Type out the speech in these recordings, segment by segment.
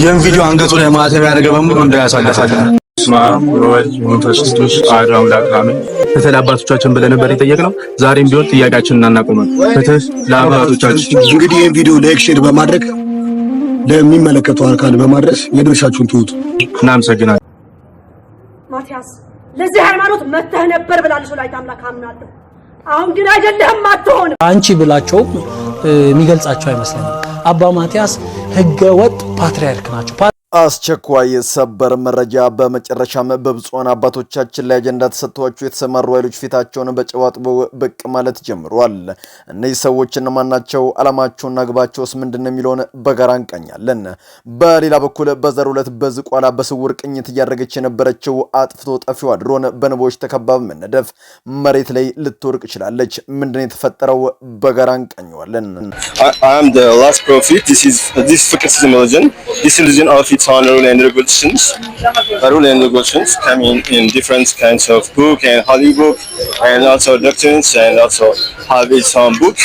ይህን ቪዲዮ አንገጹ ላይ ማተብ ያደረገ በሙሉ እንዳያሳልፋል። ፍትህ አባቶቻችን ብለን ነበር የጠየቅነው። ዛሬም ቢሆን ጥያቄያችንን እናናቆማል። ፍትህ ለአባቶቻችን። እንግዲህ ይህን ቪዲዮ ላይክ፣ ሼር በማድረግ ለሚመለከተው አካል በማድረስ የድርሻችሁን ትውጡ። እናመሰግናለን። ማቲያስ ለዚህ ሃይማኖት መተህ ነበር ብላለች። ላይ ታምላክ አምናለሁ። አሁን ግን አይደለህም፣ አትሆንም አንቺ ብላቸው የሚገልጻቸው አይመስለኝም። አባ ማቲያስ ህገ ወጥ ፓትሪያርክ ናቸው። አስቸኳይ የሰበር መረጃ። በመጨረሻም በብፁዓን አባቶቻችን ላይ አጀንዳ ተሰጥቷቸው የተሰማሩ ኃይሎች ፊታቸውን በጨባጥበው ብቅ ማለት ጀምሯል። እነዚህ ሰዎች እነማን ናቸው? ዓላማቸውና ግባቸውስ ምንድን ነው የሚለውን በጋራ እንቀኛለን። በሌላ በኩል በዘር ሁለት በዝቋላ በስውር ቅኝት እያደረገች የነበረችው አጥፍቶ ጠፊው ድሮን በንቦች ተከባ መነደፍ መሬት ላይ ልትወርቅ ችላለች። ምንድን ነው የተፈጠረው? በጋራ እንቀኘዋለን። honorable and questions, Arul uh, and questions come in different kinds of book and holy book and also doctrines and also have its own book.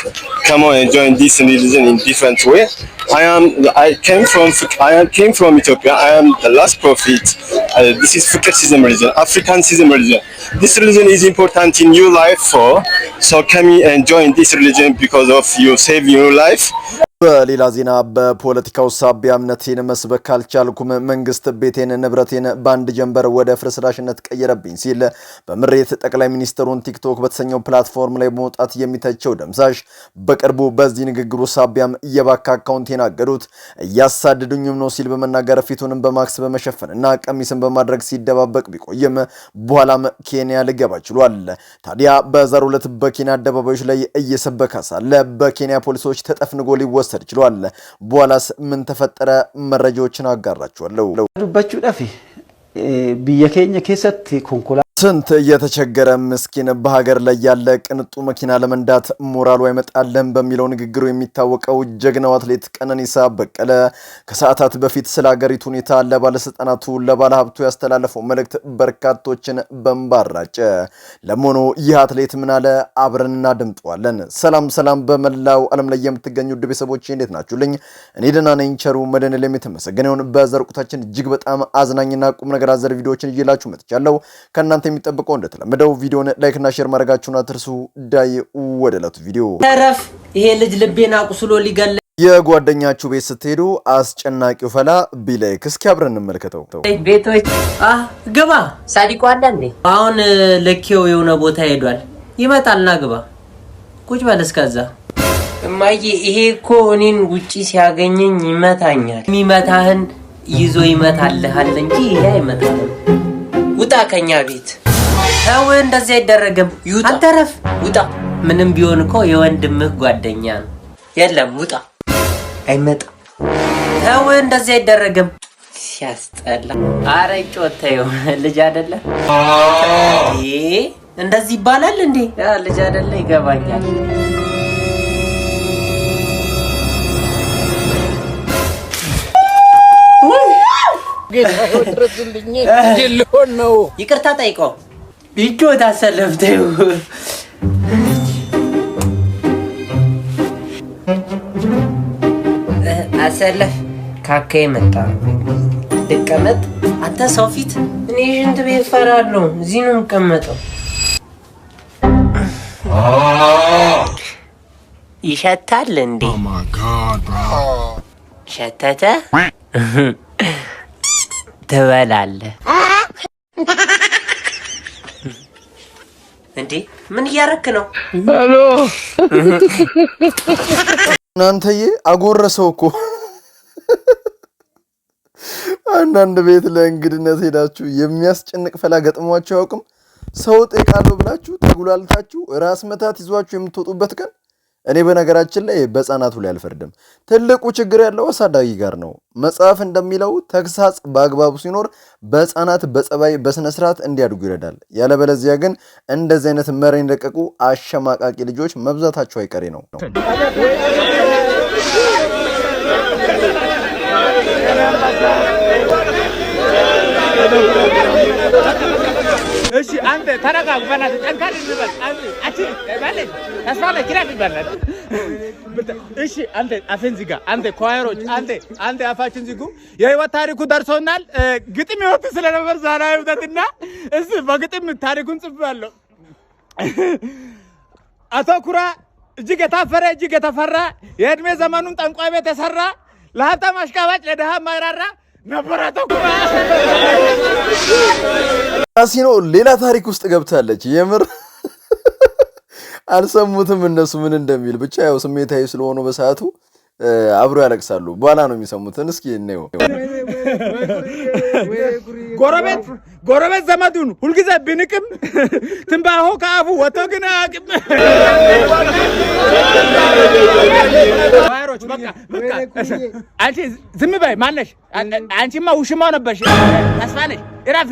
Come on and join this religion in different way. I am I came from I came from Ethiopia. I am the last prophet. Uh, this is Fukatism religion, Africanism religion. This religion is important in your life for so come and join this religion because of you save your life. በሌላ ዜና በፖለቲካው ሳቢያ እምነቴን መስበክ ካልቻልኩም መንግስት ቤቴን ንብረቴን በአንድ ጀንበር ወደ ፍርስራሽነት ቀየረብኝ ሲል በምሬት ጠቅላይ ሚኒስትሩን ቲክቶክ በተሰኘው ፕላትፎርም ላይ በመውጣት የሚተቸው ደምሳሽ በቅርቡ በዚህ ንግግሩ ሳቢያም እየባካ አካውንቴን አገዱት፣ እያሳድዱኝም ነው ሲል በመናገር ፊቱንም በማክስ በመሸፈን እና ቀሚስን በማድረግ ሲደባበቅ ቢቆይም በኋላም ኬንያ ልገባ ችሏል። ታዲያ በዛሬው ዕለት በኬንያ አደባባዮች ላይ እየሰበከ ሳለ በኬንያ ፖሊሶች ተጠፍንጎ ሊወስ መወሰድ ችሏል። በኋላስ ምን ተፈጠረ? መረጃዎችን አጋራችኋለሁ። ዱባችሁ ዳፌ ብየ ኬሰት ኮንኮላ ስንት እየተቸገረ ምስኪን በሀገር ላይ ያለ ቅንጡ መኪና ለመንዳት ሞራሉ አይመጣለን በሚለው ንግግሩ የሚታወቀው ጀግናው አትሌት ቀነኒሳ በቀለ ከሰዓታት በፊት ስለ ሀገሪቱ ሁኔታ ለባለስልጣናቱ፣ ለባለሀብቱ ያስተላለፈው መልእክት በርካቶችን በንባራጨ ለመሆኑ ይህ አትሌት ምን አለ? አብረን እናደምጠዋለን። ሰላም ሰላም፣ በመላው ዓለም ላይ የምትገኙ ውድ ቤተሰቦች እንዴት ናችሁልኝ? እኔ ደህና ነኝ። ቸሩ መድኃኔዓለም የተመሰገነ በዘርቁታችን እጅግ በጣም አዝናኝና ቁም ነገር አዘል ቪዲዮዎችን እየላችሁ መጥቻለሁ ከእናንተ የሚጠብቀው እንደተለመደው ቪዲዮን ላይክና ሼር ማድረጋችሁን አትርሱ። ዳይ ወደ ዕለቱ ቪዲዮ ተረፍ። ይሄ ልጅ ልቤን አቁስሎ ሊገለ የጓደኛችሁ ቤት ስትሄዱ አስጨናቂው ፈላ ቢላይክ እስኪ አብረን እንመልከተው። ቤቶች ግባ ሳዲቆ አለ እንዴ? አሁን ልኬው የሆነ ቦታ ሄዷል። ይመጣልና ግባ ቁጭ በል እስከዛ እማዬ ይሄ እኮ እኔን ውጪ ሲያገኘኝ ይመታኛል። የሚመታህን ይዞ ይመታልሃል እንጂ ይሄ አይመታህም። ውጣ ከኛ ቤት ሰው እንደዚህ አይደረግም። አልተረፍ ውጣ። ምንም ቢሆን እኮ የወንድምህ ጓደኛ ነው። የለም ውጣ። አይመጣም። ሰው እንደዚህ አይደረግም። ሲያስጠላ። አረ ጮተየው ልጅ አይደለ እንደዚህ ይባላል እንዴ? ልጅ አይደለ ይገባኛል። ግን ልሆን ነው። ይቅርታ ጠይቀው ቢጮ ታሰለፍ ተይው። አሰለፍ ካካ መጣ ልቀመጥ። አንተ ሰው ፊት እኔ ሽንት ቤት እፈራለሁ። እዚህ ነው የምቀመጠው። ይሸታል እንዴ? ሸተተ ትበላለህ። እንዴ ምን እያረክ ነው? ሄሎ እናንተዬ፣ አጎረሰው እኮ አንዳንድ ቤት ለእንግድነት ሄዳችሁ የሚያስጨንቅ ፈላ ገጥሟችሁ አያውቅም? ሰው ጤቃለሁ ብላችሁ ተጉላልታችሁ ራስ መታት ይዟችሁ የምትወጡበት ቀን እኔ በነገራችን ላይ በሕፃናቱ ላይ አልፈርድም። ትልቁ ችግር ያለው አሳዳጊ ጋር ነው። መጽሐፍ እንደሚለው ተግሳጽ በአግባቡ ሲኖር በህፃናት በጸባይ በስነስርዓት ስርዓት እንዲያድጉ ይረዳል። ያለበለዚያ ግን እንደዚህ አይነት መረን የደቀቁ አሸማቃቂ ልጆች መብዛታቸው አይቀሬ ነው። እሺ አንተ ተረጋጉ፣ በእናትህ ጠንካር እንበል። አንቺ ማለት ተስፋ ላይ ኪራይ ይባላል። እሺ አንተ አፌን ዝጋ። አንተ ኳየሮች፣ አንተ አንተ አፋችን ዝጉ። የህይወት ታሪኩ ደርሶናል። ግጥም ይወት ስለነበር ዛሬ ይወጣትና እሺ በግጥም ታሪኩን ጽፌያለሁ። አቶ ኩራ እጅግ የታፈረ እጅግ የተፈራ የእድሜ ዘመኑን ጠንቋይ ቤት የሰራ ለሀብታም አሽቃባጭ ለድሃ ማራራ ነበር አቶ ኩራ። ካሲኖ ሌላ ታሪክ ውስጥ ገብታለች። የምር አልሰሙትም እነሱ ምን እንደሚል ብቻ ያው ስሜታዊ ስለሆኑ በሰዓቱ አብሮ ያለቅሳሉ። በኋላ ነው የሚሰሙትን። እስኪ እንየው። ጎረቤት ጎረቤት ዘመዱን ሁልጊዜ ቢንቅም ትንባሆ ከአፉ ወጥቶ ግን አያውቅም። አንቺ ዝም በይ ማነሽ? አንቺማ ውሽማው ነበርሽ። ተስፋ ነሽ። እረፊ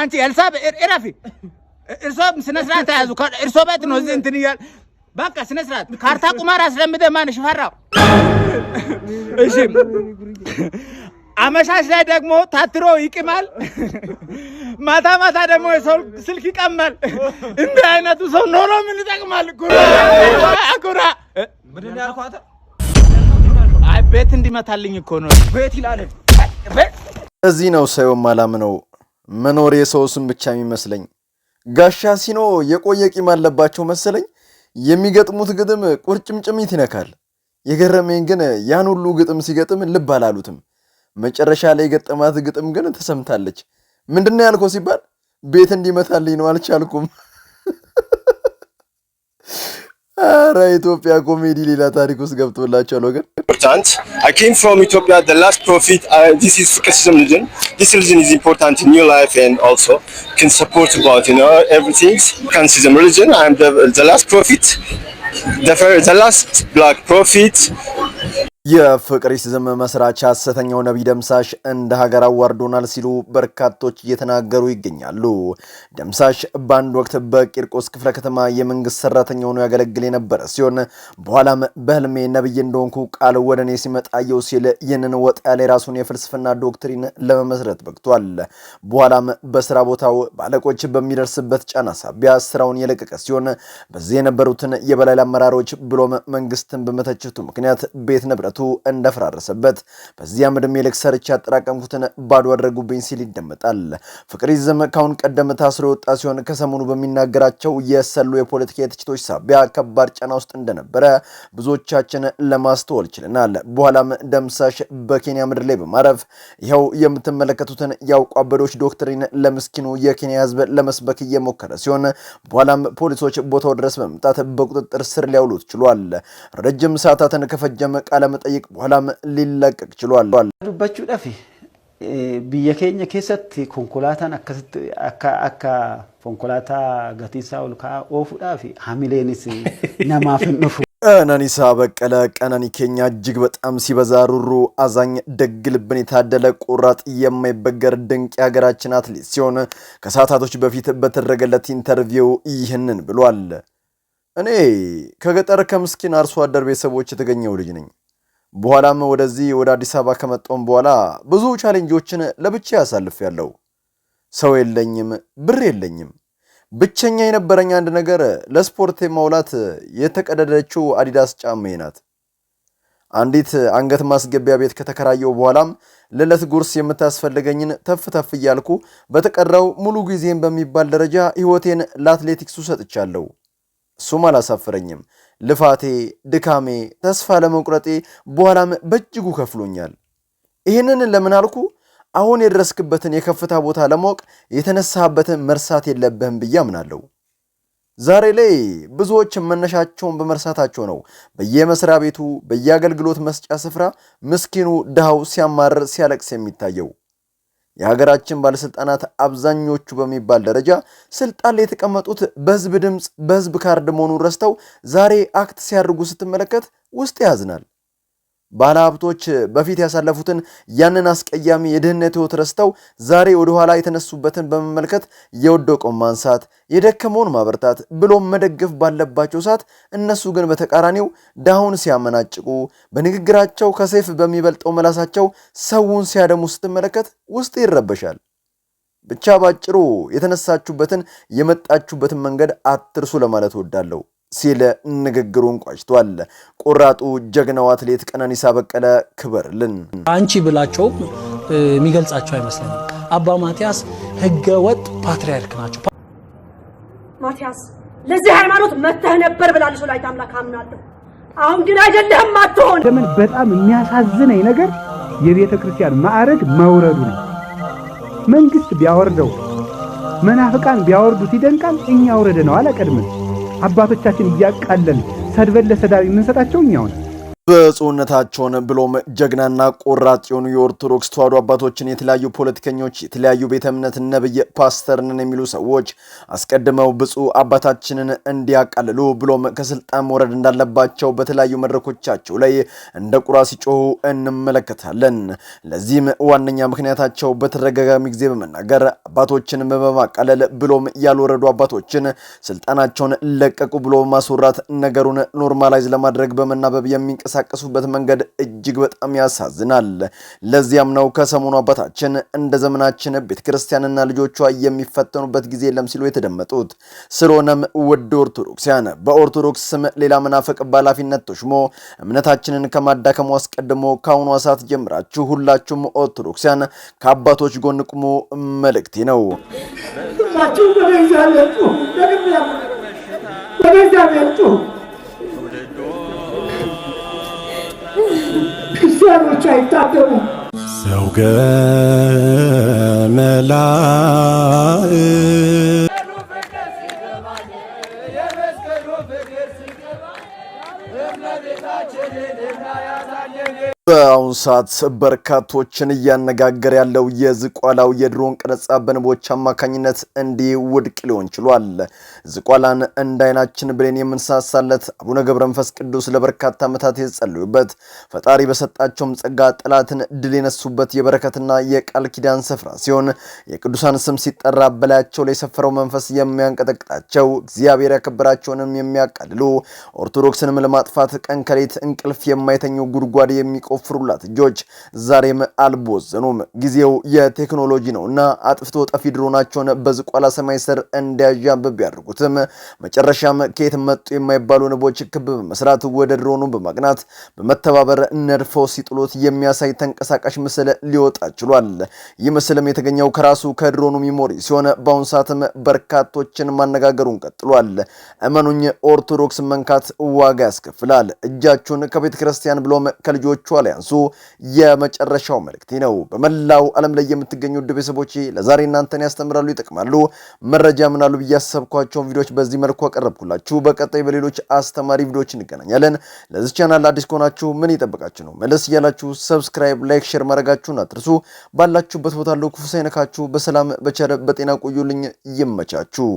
አንቺ ኤልሳ እረፊ። እርሶም ስነ ስርዓት ያዙ። እርሶ ቤት ነው እዚህ እንትን እያል በቃ ስነ ስርዓት ካርታ ቁማር አስለምደ ማነሽ ፈራው። እሺ አመሻሽ ላይ ደግሞ ታትሮ ይቅማል። ማታ ማታ ደግሞ የሰው ስልክ ይቀማል። እንዲህ አይነቱ ሰው ኖሮ ምን ይጠቅማል? ኩራ ቤት እንዲመታልኝ እኮ ነው። ቤት ይላል። እዚህ ነው ሰውም አላምነው መኖር የሰው ስም ብቻ የሚመስለኝ። ጋሻ ሲኖ የቆየ ቂም አለባቸው መሰለኝ። የሚገጥሙት ግጥም ቁርጭምጭሚት ይነካል። የገረመኝ ግን ያን ሁሉ ግጥም ሲገጥም ልብ አላሉትም። መጨረሻ ላይ የገጠማት ግጥም ግን ተሰምታለች። ምንድን ነው ያልከው ሲባል ቤት እንዲመታልኝ ነው አልቻልኩም። ኧረ ኢትዮጵያ ኮሜዲ ሌላ ታሪክ ውስጥ ገብቶላቸዋል ወገን። ኢምፖርታንት የፍቅርሲዝም መስራች ሐሰተኛው ነቢይ ደምሳሽ እንደ ሀገር አዋርዶናል ሲሉ በርካቶች እየተናገሩ ይገኛሉ። ደምሳሽ በአንድ ወቅት በቂርቆስ ክፍለ ከተማ የመንግስት ሰራተኛ ሆኖ ያገለግል የነበረ ሲሆን በኋላም በህልሜ ነቢይ እንደሆንኩ ቃል ወደ እኔ ሲመጣየው ሲል ይህንን ወጣ ያለ የራሱን የፍልስፍና ዶክትሪን ለመመስረት በቅቷል። በኋላም በስራ ቦታው በአለቆች በሚደርስበት ጫና ሳቢያ ስራውን የለቀቀ ሲሆን በዚህ የነበሩትን የበላይ አመራሮች ብሎም መንግስትን በመተቸቱ ምክንያት ቤት ንብረቱ ቤቱ እንደፈራረሰበት በዚያም ዕድሜ ልክ ሰርቼ ያጠራቀምኩትን ባዶ አድረጉብኝ ሲል ይደመጣል። ፍቅሪዝም ካሁን ቀደም ታስሮ የወጣ ሲሆን ከሰሞኑ በሚናገራቸው የሰሉ የፖለቲካ የትችቶች ሳቢያ ከባድ ጫና ውስጥ እንደነበረ ብዙዎቻችን ለማስተዋል ችለናል። በኋላም ደምሳሽ በኬንያ ምድር ላይ በማረፍ ይኸው የምትመለከቱትን ያውቋ አበዶች ዶክትሪን ለምስኪኑ የኬንያ ህዝብ ለመስበክ እየሞከረ ሲሆን በኋላም ፖሊሶች ቦታው ድረስ በመምጣት በቁጥጥር ስር ሊያውሉት ችሏል። ረጅም ሰዓታትን ከፈጀም ቃለም መጠየቅ በኋላም ሊለቀቅ ችሏል። ዱባችሁ ደፊ ብየ ኬኘ ኬሰት ኮንኮላታን አካ ኮንኮላታ ገቲሳ ኦልካ ኦፉዳፊ ሀሚሌኒስ ነማፍን ፉ ቀነኒሳ በቀለ ቀነኒ ኬኛ እጅግ በጣም ሲበዛ ሩሩ፣ አዛኝ፣ ደግ ልብን የታደለ ቁራጥ የማይበገር ድንቅ የሀገራችን አትሌት ሲሆን ከሰዓታቶች በፊት በተደረገለት ኢንተርቪው ይህንን ብሏል። እኔ ከገጠር ከምስኪን አርሶ አደር ቤተሰቦች የተገኘው ልጅ ነኝ። በኋላም ወደዚህ ወደ አዲስ አበባ ከመጣሁም በኋላ ብዙ ቻሌንጆችን ለብቻ ያሳልፍ ያለው ሰው የለኝም፣ ብር የለኝም። ብቸኛ የነበረኝ አንድ ነገር ለስፖርት የማውላት የተቀደደችው አዲዳስ ጫማዬ ናት። አንዲት አንገት ማስገቢያ ቤት ከተከራየው በኋላም ለዕለት ጉርስ የምታስፈልገኝን ተፍ ተፍ እያልኩ በተቀረው ሙሉ ጊዜን በሚባል ደረጃ ሕይወቴን ለአትሌቲክሱ ሰጥቻለሁ። እሱም አላሳፍረኝም። ልፋቴ፣ ድካሜ፣ ተስፋ ለመቁረጤ በኋላም በእጅጉ ከፍሎኛል። ይህንን ለምን አልኩ? አሁን የደረስክበትን የከፍታ ቦታ ለማወቅ የተነሳህበትን መርሳት የለብህም ብዬ አምናለሁ። ዛሬ ላይ ብዙዎች መነሻቸውን በመርሳታቸው ነው በየመስሪያ ቤቱ በየአገልግሎት መስጫ ስፍራ ምስኪኑ ድሃው ሲያማርር ሲያለቅስ የሚታየው። የሀገራችን ባለስልጣናት አብዛኞቹ በሚባል ደረጃ ስልጣን ላይ የተቀመጡት በህዝብ ድምፅ በህዝብ ካርድ መሆኑን ረስተው ዛሬ አክት ሲያደርጉ ስትመለከት ውስጥ ያዝናል። ባለሀብቶች በፊት ያሳለፉትን ያንን አስቀያሚ የድህነት ህይወት ረስተው ዛሬ ወደኋላ የተነሱበትን በመመልከት የወደቀውን ማንሳት፣ የደከመውን ማበርታት ብሎም መደገፍ ባለባቸው ሰዓት እነሱ ግን በተቃራኒው ዳሁን ሲያመናጭቁ፣ በንግግራቸው ከሰይፍ በሚበልጠው መላሳቸው ሰውን ሲያደሙ ስትመለከት ውስጥ ይረበሻል። ብቻ ባጭሩ የተነሳችሁበትን የመጣችሁበትን መንገድ አትርሱ ለማለት እወዳለሁ። ሲል ንግግሩን ቋጭቷል። ቆራጡ ጀግናው አትሌት ቀነኒሳ በቀለ ክበርልን አንቺ ብላቸው የሚገልጻቸው አይመስለኝም። አባ ማቲያስ ህገ ወጥ ፓትሪያርክ ናቸው። ማቲያስ ለዚህ ሃይማኖት መተህ ነበር ብላለች ወላዲተ አምላክ አምናለሁ። አሁን ግን አይደለህም አትሆን። ለምን በጣም የሚያሳዝነኝ ነገር የቤተ ክርስቲያን ማዕረግ መውረዱ ነው። መንግስት ቢያወርደው መናፍቃን ቢያወርዱት ይደንቃል። እኛ አውረደ ነው አላቀድምን አባቶቻችን እያቃለን ሰድበን ለሰዳቢ የምንሰጣቸው እኛውን ብፁዕነታቸውን ብሎም ጀግናና ቆራጥ የሆኑ የኦርቶዶክስ ተዋሕዶ አባቶችን የተለያዩ ፖለቲከኞች፣ የተለያዩ ቤተ እምነት ነብይ፣ ፓስተርንን የሚሉ ሰዎች አስቀድመው ብፁዕ አባታችንን እንዲያቃልሉ ብሎም ከስልጣን መውረድ እንዳለባቸው በተለያዩ መድረኮቻቸው ላይ እንደ ቁራ ሲጮሁ እንመለከታለን። ለዚህም ዋነኛ ምክንያታቸው በተደጋጋሚ ጊዜ በመናገር አባቶችን በማቃለል ብሎም ያልወረዱ አባቶችን ስልጣናቸውን ለቀቁ ብሎ ማስወራት ነገሩን ኖርማላይዝ ለማድረግ በመናበብ የሚንቀሳ የሚንቀሳቀሱበት መንገድ እጅግ በጣም ያሳዝናል። ለዚያም ነው ከሰሞኑ አባታችን እንደ ዘመናችን ቤተ ክርስቲያንና ልጆቿ የሚፈተኑበት ጊዜ የለም ሲሉ የተደመጡት። ስለሆነም ውድ ኦርቶዶክሲያን በኦርቶዶክስ ስም ሌላ መናፈቅ በኃላፊነት ተሽሞ እምነታችንን ከማዳከሙ አስቀድሞ ከአሁኗ ሰዓት ጀምራችሁ ሁላችሁም ኦርቶዶክሲያን ከአባቶች ጎን ቁሙ መልእክቴ ነው። ሁላችሁም ክርስቲያኖች አይታደሙ። ዘውገ ገመላ። በአሁኑ ሰዓት በርካቶችን እያነጋገር ያለው የዝቋላው የድሮን ቀረጻ በንቦች አማካኝነት እንዲህ ውድቅ ሊሆን ችሏል። ዝቋላን እንደ አይናችን ብሌን የምንሳሳለት አቡነ ገብረ መንፈስ ቅዱስ ለበርካታ ዓመታት የጸለዩበት ፈጣሪ በሰጣቸውም ጸጋ ጠላትን ድል የነሱበት የበረከትና የቃል ኪዳን ስፍራ ሲሆን የቅዱሳን ስም ሲጠራ በላያቸው ላይ የሰፈረው መንፈስ የሚያንቀጠቅጣቸው እግዚአብሔር ያከበራቸውንም የሚያቃልሉ ኦርቶዶክስንም ለማጥፋት ቀን ከሌት እንቅልፍ የማይተኘው ጉድጓድ የሚቆ የወፍሩላት እጆች ዛሬም አልቦዘኑም። ጊዜው የቴክኖሎጂ እና አጥፍቶ ጠፊ ድሮናቸውን በዝቋላ ሰማይ ስር እንዲያዣብብ ቢያደርጉትም መጨረሻም ከየት መጡ የማይባሉ ንቦች ክብ በመስራት ወደ ድሮኑ በማቅናት በመተባበር ነድፈው ሲጥሉት የሚያሳይ ተንቀሳቃሽ ምስል ሊወጣ ችሏል። ይህ ምስልም የተገኘው ከራሱ ከድሮኑ ሚሞሪ ሲሆን በአሁኑ ሰዓትም በርካቶችን ማነጋገሩን ቀጥሏል። እመኑኝ ኦርቶዶክስ መንካት ዋጋ ያስከፍላል። እጃችሁን ከቤተ ክርስቲያን ብሎም ከልጆቿ አሊያንሱ የመጨረሻው መልእክት ነው። በመላው ዓለም ላይ የምትገኙ ውድ ቤተሰቦቼ ለዛሬ እናንተን ያስተምራሉ፣ ይጠቅማሉ፣ መረጃ ምናሉ ብዬ ያሰብኳቸውን ቪዲዮዎች በዚህ መልኩ አቀረብኩላችሁ። በቀጣይ በሌሎች አስተማሪ ቪዲዮዎች እንገናኛለን። ለዚህ ቻናል አዲስ ከሆናችሁ ምን ይጠብቃችሁ ነው? መለስ እያላችሁ ሰብስክራይብ፣ ላይክ፣ ሼር ማድረጋችሁን አትርሱ። ባላችሁበት ቦታ ለው ክፉ ሳይነካችሁ በሰላም በቸር በጤና ቆዩልኝ። ይመቻችሁ።